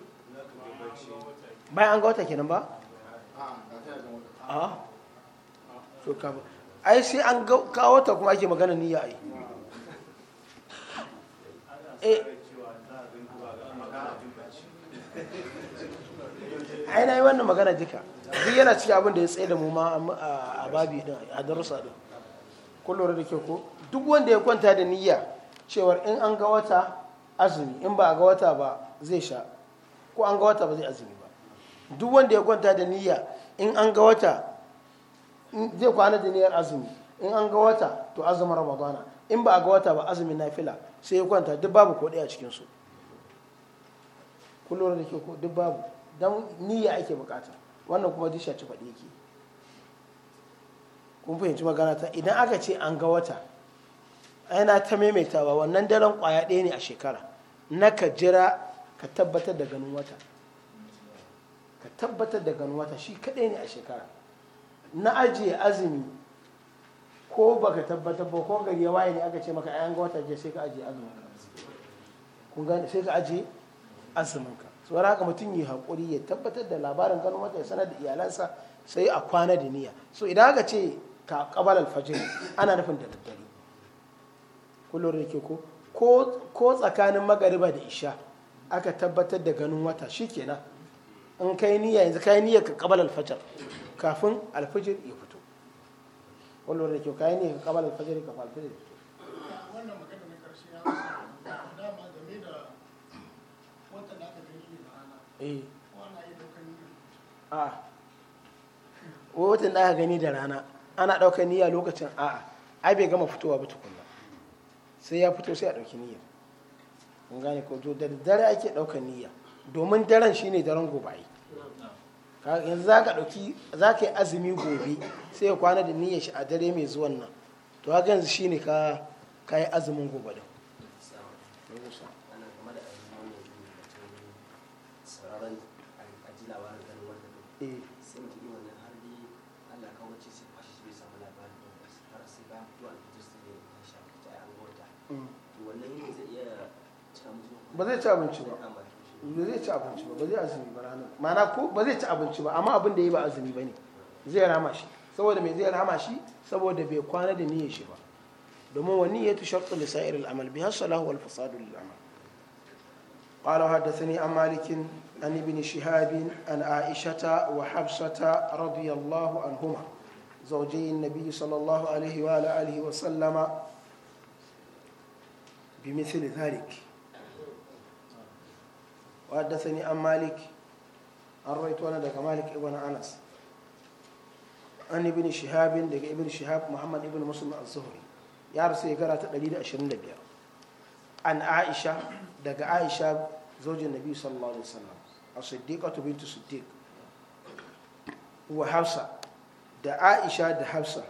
bayan an ga wata kenan ba a ah. so kafin ai sai an kawo wata kuma ake magana ni yi ai eh. ai na yi wannan magana duka duk yana cikin abin da ya tsaye da mu ma a babi din a darussa din kun lura da ke ko duk wanda ya kwanta da niyya cewar in an ga wata azumi in ba a ga wata ba zai sha ko an ga wata ba zai azumi ba duk wanda ya kwanta da niyya in an ga wata zai kwana da niyyar azumi in an ga wata to azumin ramadana in ba a ga wata ba azumin nafila sai ya kwanta duk babu ko daya a cikin su kullum da ke ko duk babu don niyya ake bukata wannan kuma duk shaci faɗi yake kun fahimci magana ta idan aka ce an ga wata yana ta maimaitawa wannan daren kwaya ɗaya ne a shekara na ka jira ka tabbatar da ganin wata ka tabbatar da ganin wata shi kaɗai ne a shekara na ajiye azumi ko baka tabbatar ba ko gari ya waye ne aka ce maka ayan ga wata je sai ka ajiye azumin ka kun gane sai ka ajiye azumin ka saboda haka mutum yi hakuri ya tabbatar da labarin ganin wata ya sanar da iyalansa sai a kwana da niyya so idan aka ce ka qabal alfajir ana nufin da daddare kullum da ke ko ko tsakanin magariba da isha aka tabbatar da ganin wata shi kenan in kai niyya yanzu kai niyya ka kabal alfajar kafin alfajir ya fito wallo da kyau kai niyya ka kabal alfajar kafin alfajir ya fito wannan magana ne karshe ya dama game da wata da aka gani da rana eh wannan ya daukan niyya a watan da aka gani da rana ana daukan niyya lokacin a'a ai bai gama fitowa ba tukunna sai ya fito sai a dauki niyya in gane ko to dare ake ɗaukar niyya domin daren shine daren gobe yanzu za ka ɗauki za ka yi azumi gobe sai ya kwana da niyyar shi a dare mai zuwan nan to haka yanzu shine ka yi azumin gobe da ba zai ci abinci ba ba zai ci abinci ba ba zai azumi ba ranar mana ko ba zai ci abinci ba amma abin da ya ba azumi ba ne zai rama shi saboda mai zai rama shi saboda bai kwana da niyyar shi ba domin wani ya tushar li sa'ir al-amal biha salahu wal fasadu lil amal قال حدثني عن مالك عن ابن شهاب عن عائشة وحفصة رضي الله عنهما زوجي النبي صلى الله عليه وآله وسلم بمثل ذلك وحدثني عن مالك an rawaito wani daga malik ibn anas an shihabin daga ibn shihab muhammad ibn muslim al-zuhri ya rasu shekara ta 125 an aisha daga aisha zaujin nabi sallallahu alaihi wasallam as-siddiqatu bint siddiq wa hafsa da aisha da hafsa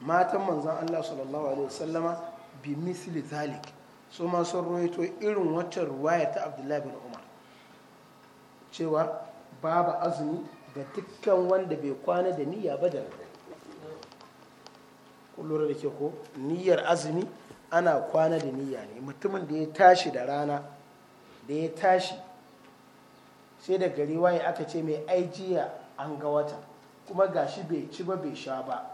matan manzon Allah sallallahu alaihi wasallama bi misli zalik su ma sun rawaito irin waccan ruwaya ta abdullahi bin umar Cewa babu azumi ga dukkan wanda bai kwana da niyya ba da kullum da ke ko niyyar azumi ana kwana da niyya ne mutumin da ya tashi da rana da ya tashi sai da gari waye aka ce mai aijiya an ga wata kuma gashi bai ci ba bai sha ba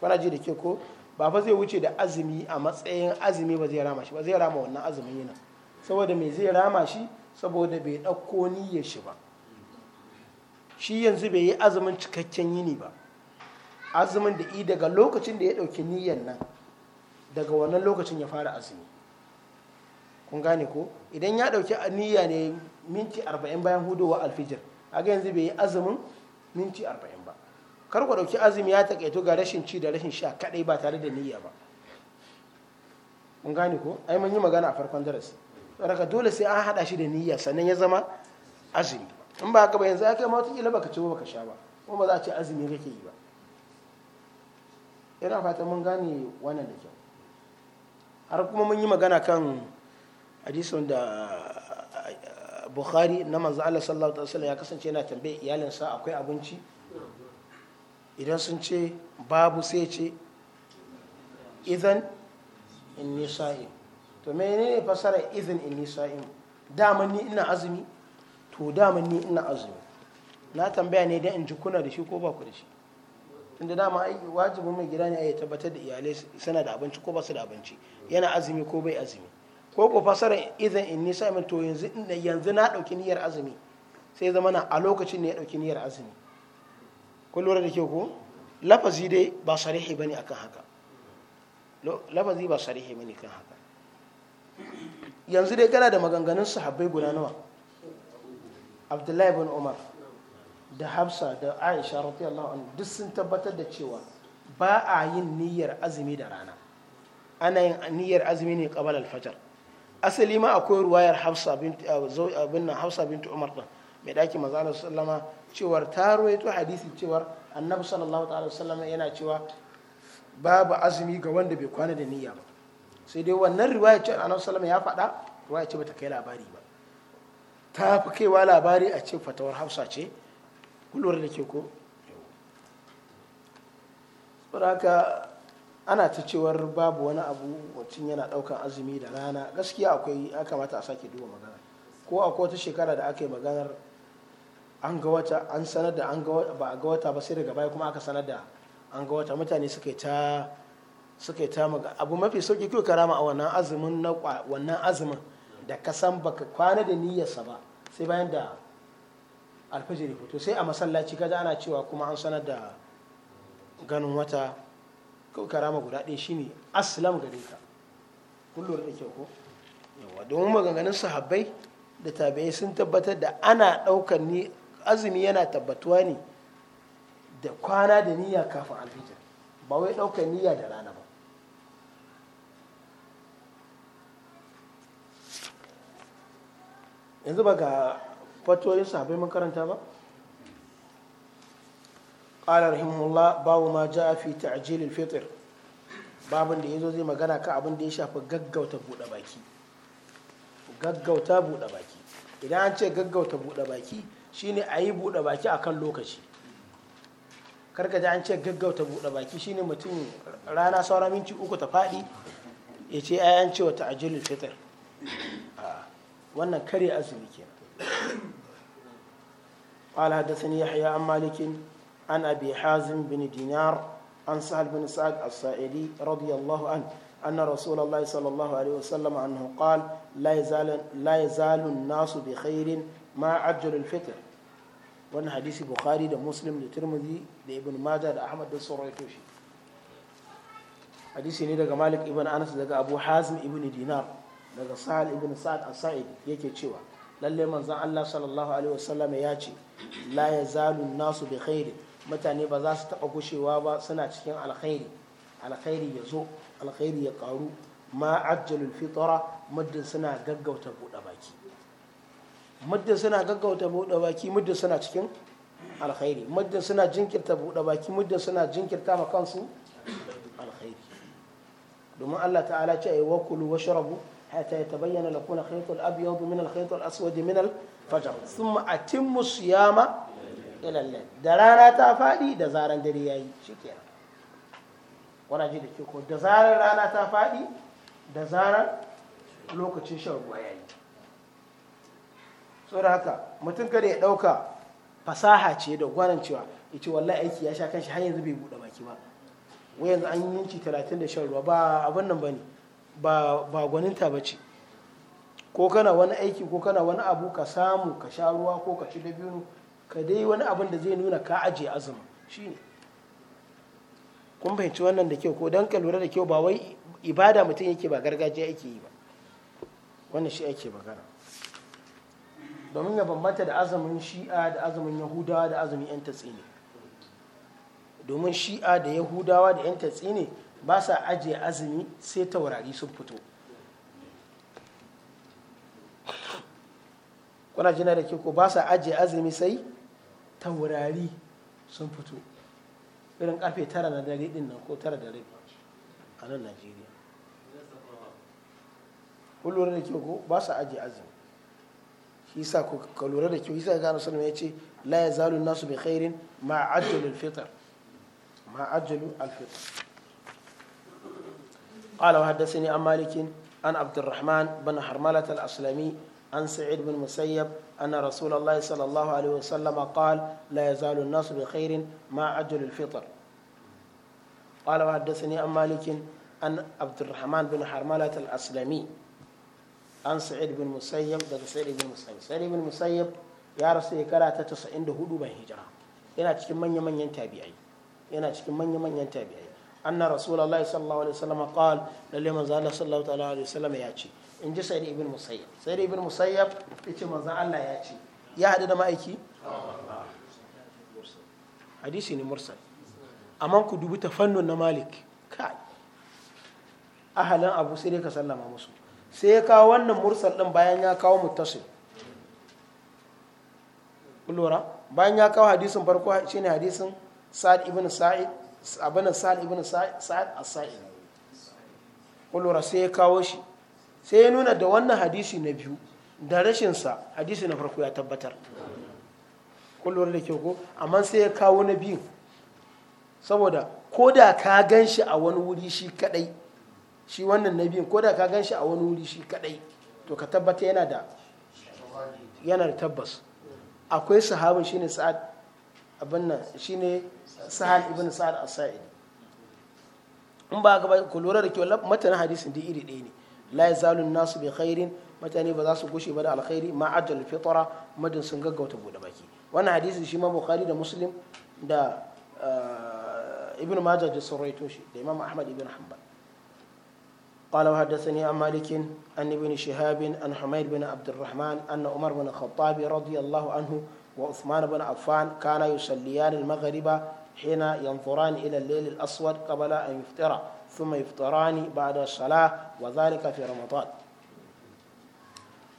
kwana ji da ke ko ba fa zai wuce da azumi a matsayin azumi ba zai rama shi ba zai rama wannan azumin yana saboda mai zai rama shi saboda bai ɗauko niyyar shi ba shi yanzu bai yi azumin cikakken yini ba azumin da i daga lokacin da ya ɗauki niyyar nan daga wannan lokacin ya fara azumi kun gane ko idan ya ɗauki niyya ne minti 40 bayan hudowa alfijir aga yanzu bai yi azumin minti 40 ba kar ku ɗauki azumi ya taƙaito ga rashin ci da rashin sha kaɗai ba tare da niyya ba kun gane ko ai mun yi magana a farkon darasi daga dole sai an haɗa shi da niyya sannan ya zama azumi in ba haka ba yanzu aka yi mawatakila baka ci ba baka sha ba kuma ba za a ce azumi kake yi ba ina fata mun gane wannan da kyau har kuma mun yi magana kan hadisin da ah, bukhari na manzo Allah sallallahu alaihi wasallam ya kasance yana tambaye sa akwai abinci idan sun ce babu sai ce idan in nisa'in to menene fasarar izin in nisa'in daman ni ina azumi to daman ni ina azumi na tambaya ne dan in ji kuna da shi ko ba ku da shi tunda dama wajibin mai gida ne ya tabbatar da iyalai suna da abinci ko ba su da abinci yana azumi ko bai azumi ko ko fasarar izin nisa sa'im to yanzu na dauki niyyar azumi sai zama na a lokacin ne ya dauki niyyar azumi ko lura da ke ko lafazi dai ba sarihi bane akan haka lafazi ba sarihi bane kan haka yanzu dai kana da maganganun sahabbai guda nawa abdullahi bin umar da hafsa da aisha radiyallahu anhu duk sun tabbatar da cewa ba a yin niyyar azumi da rana ana yin niyyar azumi ne qabal al asali ma akwai ruwayar hafsa bin uh, abin nan hafsa binti umar da mai daki manzo Allah sallama cewar ta ruwaito hadisi cewar annabi sallallahu ta'ala sallama yana cewa babu azumi ga wanda bai kwana da niyya ba sai dai wannan riwaya ce annabi sallama ya faɗa riwaya ce bata kai labari ba ta fi kaiwa labari a ce fatawar hausa ce kulwar da ke ko haka ana ta cewar babu wani abu mutum yana ɗaukan azumi da rana gaskiya akwai ya kamata a sake duba magana ko a wata shekara da aka yi maganar an ga wata an sanar da ba a ga wata ba sai daga baya kuma aka sanar da an ga wata mutane suka yi ta suka yi ta maka abu mafi sauki kyau karama a wannan azumin na wannan azumin da ka san baka kwana da niyyarsa ba sai bayan da alfajiri fito sai a masallaci kaji ana cewa kuma an sanar da ganin wata kyau karama guda ɗaya shine aslam gare ka kullum da kyau ko yawa domin maganganun sahabbai da tabi'ai sun tabbatar da ana ɗaukar ni azumi yana tabbatuwa ne da kwana da niyya kafin alfijir ba wai ɗaukar niyya da rana ba yanzu ba ga fatoyin sahabai mun karanta ba ƙala rahimahullah babu ma ja fi ta'jil al-fitr babin da yazo zai magana ka abin da ya shafi gaggauta bude baki gaggauta bude baki idan an ce gaggauta bude baki shine ayi bude baki akan lokaci karka ji an ce gaggauta bude baki shine mutum rana sauran minti uku ta faɗi ya ce ai an ce fitr ah. wannan kare azumi kenan قال حدثني يحيى عن مالك عن أبي حازم بن دينار عن سهل بن سعد السائلي رضي الله عنه أن رسول الله صلى الله عليه وسلم أنه قال لا يزال, لا يزال الناس بخير ما عجل الفطر وأن حديث بخاري ده مسلم ده ترمذي ده ابن ماجه ده أحمد ده سوريتوشي حديث ني ده مالك ابن أنس ده أبو حازم ابن دينار daga sahal ibn sa'ad a said yake cewa lalle manzon Allah sallallahu alaihi wasallam ya ce la yazalu nasu bi khairi mutane ba za su taba gushewa ba suna cikin alkhairi alkhairi ya zo alkhairi ya karu ma ajjalul fitra muddin suna gaggauta bude baki muddin suna gaggauta bude baki muddin suna cikin alkhairi muddin suna jinkirta bude baki muddin suna jinkirta ma kansu alkhairi domin Allah ta'ala ce ayi wakulu washrabu حتى يتبين لكم الخيط الأبيض من الخيط الأسود من الفجر ثم أتم الصيام إلى الليل درانا تفادي دزارا درياي شكرا rana ta faɗi, da zarar lokacin دزارا لوكا تشيشر بواياي saboda haka mutum kada ya ɗauka fasaha ce da gwanan cewa ya ce wallahi aiki ya sha kanshi har yanzu bai buɗe baki ba wai yanzu an yi minti talatin da shan ruwa ba abin nan ba ne ba gwaninta ba ce ko kana wani aiki ko kana wani abu ka samu ka sha ruwa ko ka ci dabino ka dai wani abin da zai nuna ka ajiye azumi ne kun fahimci wannan da kyau ko don ka lura da kyau ba wai ibada mutum yake ba gargajiya yake yi ba wannan shi ake magana domin ya bambanta da azumin shi'a da azumin yahudawa da azumin yan tatsi ne domin shi'a da yahudawa da yan tatsi ne ba sa ajiye azumi sai taurari sun fito kuna jina da ke ko ba sa ajiye azumi sai taurari sun fito irin karfe tara na dare din nan ko tara da rabi a nan najeriya kullum lura da ke ko ba sa ajiye azumi shi sa ka lura da kyau isa gano sallama ya ce la ya zalu nasu bi khairin ma ajalu al-fitr ma ajalu al-fitr قال وحدثني عن مالك عن عبد الرحمن بن حرملة الأسلمي عن سعيد بن مسيب أن رسول الله صلى الله عليه وسلم قال لا يزال الناس بخير ما عجل الفطر قال وحدثني عن مالك عن عبد الرحمن بن حرملة الأسلمي عن سعيد بن مسيب ده سعيد بن مسيب سعيد بن مسيب يا رسول كرا تتسعين ده هدو هجرة yana cikin manya-manyan tabi'ai yana cikin manya-manyan tabi'ai anna rasulullahi sallallahu alaihi wasallam qal lalle manzo Allah sallallahu alaihi wasallam ya ce in ji sayyid ibn musayyab sayyid ibn musayyab yace manzo Allah ya ce ya hadu da ma'aiki hadisi ne mursal amma ku dubi tafannun na malik kai ahalin abu sai dai ka sallama musu sai ya kawo wannan mursal din bayan ya kawo muttasil kullura bayan ya kawo hadisin farko shine hadisin sa'ad ibn sa'id abin sa'ad ibn sa'ad a said kullura sai ya kawo shi sai ya nuna da wannan hadisi na biyu da rashin sa hadisi na farko ya tabbatar kullura da ke ko amma sai ya kawo na biyu saboda ko da ka gan shi a wani wuri shi kadai shi wannan na biyun ko da ka gan shi a wani wuri shi kadai to ka tabbata yana da yana da tabbas akwai sahabin shine sa'ad abin nan shine sahal ibn sa'ad as-sa'idi in ba ka ku lura da kyau matanin hadisin da iri ɗaya ne la zalun nasu bi khairin mutane ba za su gushe ba da alkhairi ma ajal fitra madin sun gaggauta bude baki wannan hadisi shi ma bukhari da muslim da eh, ibn majah da saraito shi da imam ahmad ibn hanbal قال وحدثني عن مالك عن ابن شهاب عن حميد بن عبد الرحمن أن عمر بن الخطاب رضي الله عنه وعثمان بن عفان كانا يصليان المغرب حين ينظران إلى الليل الأسود قبل أن يفطر ثم يفطران بعد الصلاة وذلك في رمضان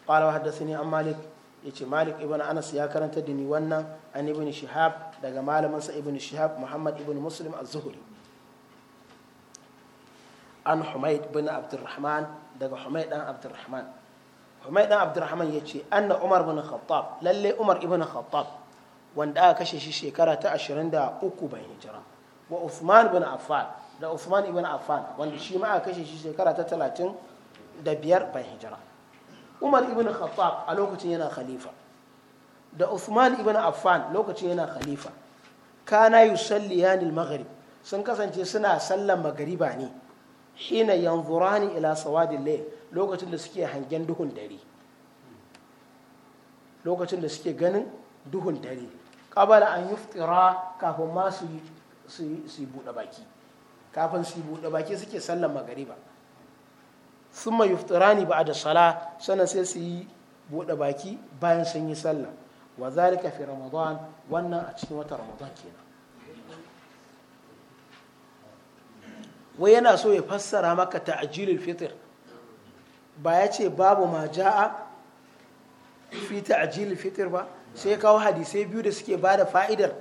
قال وحدثني عن مالك yace malik ibn anas ya karanta da ni wannan an ibn shihab daga malaminsa ibn shihab muhammad ibn muslim az-zuhri an humayd bin abdulrahman daga humayd dan abdulrahman. Umar dan Abdurrahman ya ce anna Umar bin Khattab lalle Umar ibn Khattab wanda aka kashe shi shekara ta 23 bayan hijira wa Uthman bin Affan da Uthman ibn Affan wanda shi ma aka kashe shi shekara ta 35 bayan hijira Umar ibn Khattab a lokacin yana khalifa da Uthman ibn Affan lokacin yana khalifa kana yusalliyani al-maghrib sun kasance suna sallan magariba ne hina yanzurani ila sawadil layl lokacin da suke hangen duhun dare lokacin da suke ganin duhun dare ƙabala an yi fitira kafin ma su yi buɗe baki kafin su yi buɗe baki suke sallan magariba sun mai ni ba a da sala sannan sai su yi buɗe baki bayan sun yi sallah wa zalika fi ramadan wannan a cikin wata ramadan kenan wai yana so ya fassara maka ta ta'jilul fitr ba ya ce babu ma ja'a fi ta'jil fitr ba sai kawo hadisai biyu da suke bada fa'idar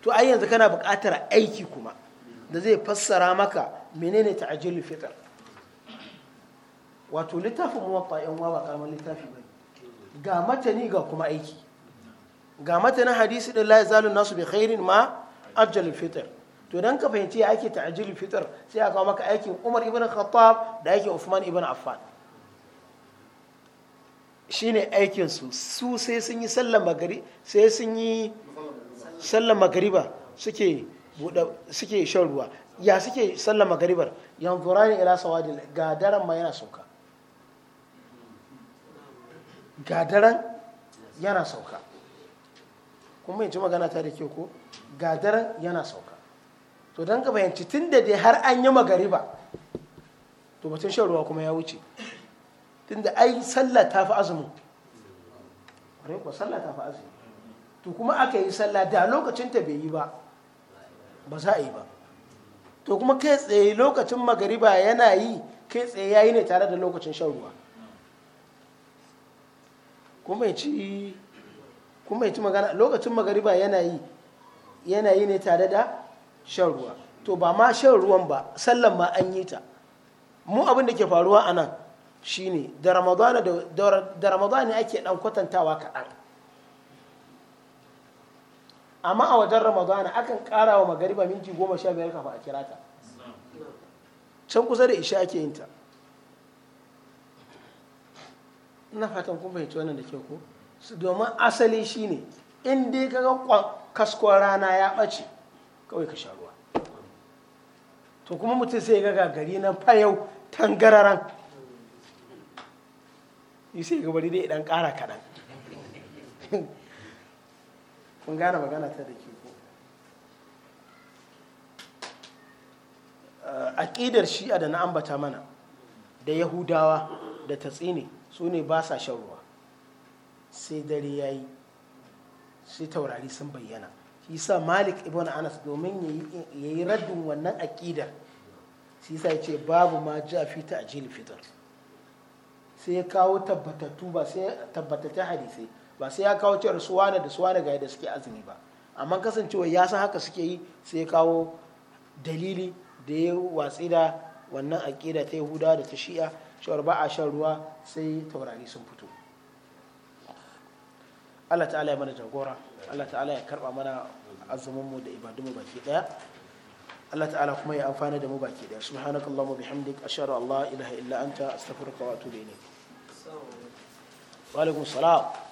to ai yanzu kana buƙatar aiki kuma da zai fassara maka menene ta'jil fitr wato littafin muwatta yan wa ba karamin littafi ba ga matani ga kuma aiki ga matanin hadisi da la yazalu nasu bi khairin ma ajjal fitr to dan ka fahimci ake ta'jil fitr sai aka maka aikin Umar ibn Khattab da aikin Uthman ibn Affan shine aikinsu su sai sun yi sallar magari sai sun yi sallar magariba suke suke shan ruwa ya suke sallar magaribar yanzu rani ila sawadil ga daren ma yana sauka ga daren yana sauka kuma yanci magana ta da ke ko ga daren yana sauka to don ka bayanci tun da dai har an yi magariba to batun shan ruwa kuma ya wuce tunda ai sallah ta fi azumi. kwarai sallah ta fi azumi to kuma aka yi sallah da lokacin ta bai yi ba ba za a yi ba to kuma kai tsaye lokacin magariba yana yi kai tsaye ya yi ne tare da lokacin shan ruwa kuma ci kuma ya ci magana lokacin magariba yana yi yana yi ne tare da shan ruwa to ba ma shan ruwan ba sallan ma an yi ta mu abin da ke faruwa a nan shine da ramadana da ake dan kwatantawa kaɗan amma a wajen ramadani akan ƙara wa magariba minti goma sha biyar kafa a kirata can kusa da isha ake yinta na ina fatan kun fahimci wannan da ke ko domin asali shine in dai kaga kaskon rana ya ɓace kawai ka sha ruwa to kuma mutum sai ga gari na fayau tangararan sai ga bari dai idan kara kaɗan kun gane magana ta da ke ko eh, aƙidar shi'a da na ambata mana da yahudawa da ta su ne ba sa shan ruwa sai dare ya yi sai taurari sun bayyana shi sa malik ibn anas domin ya yi raddin wannan aƙidar shi sa ya ce babu ma a fita a jini fitar sai ya kawo tabbatattu ba sai tabbatattun hadisai ba sai ya kawo cewar suwa da suwana ga yadda suke azumi ba amma kasancewa ya san haka suke yi sai ya kawo dalili da ya watsi da wannan aƙida ta yahuda da ta shi'a cewar ba a shan ruwa sai taurari sun fito Allah ta'ala ya mana jagora Allah ta'ala ya karba mana azuminmu da ibadunmu baki daya Allah ta'ala kuma ya amfana da mu baki daya subhanakallahumma bihamdik ashhadu an la ilaha illa anta astaghfiruka wa atubu wa alaikum salam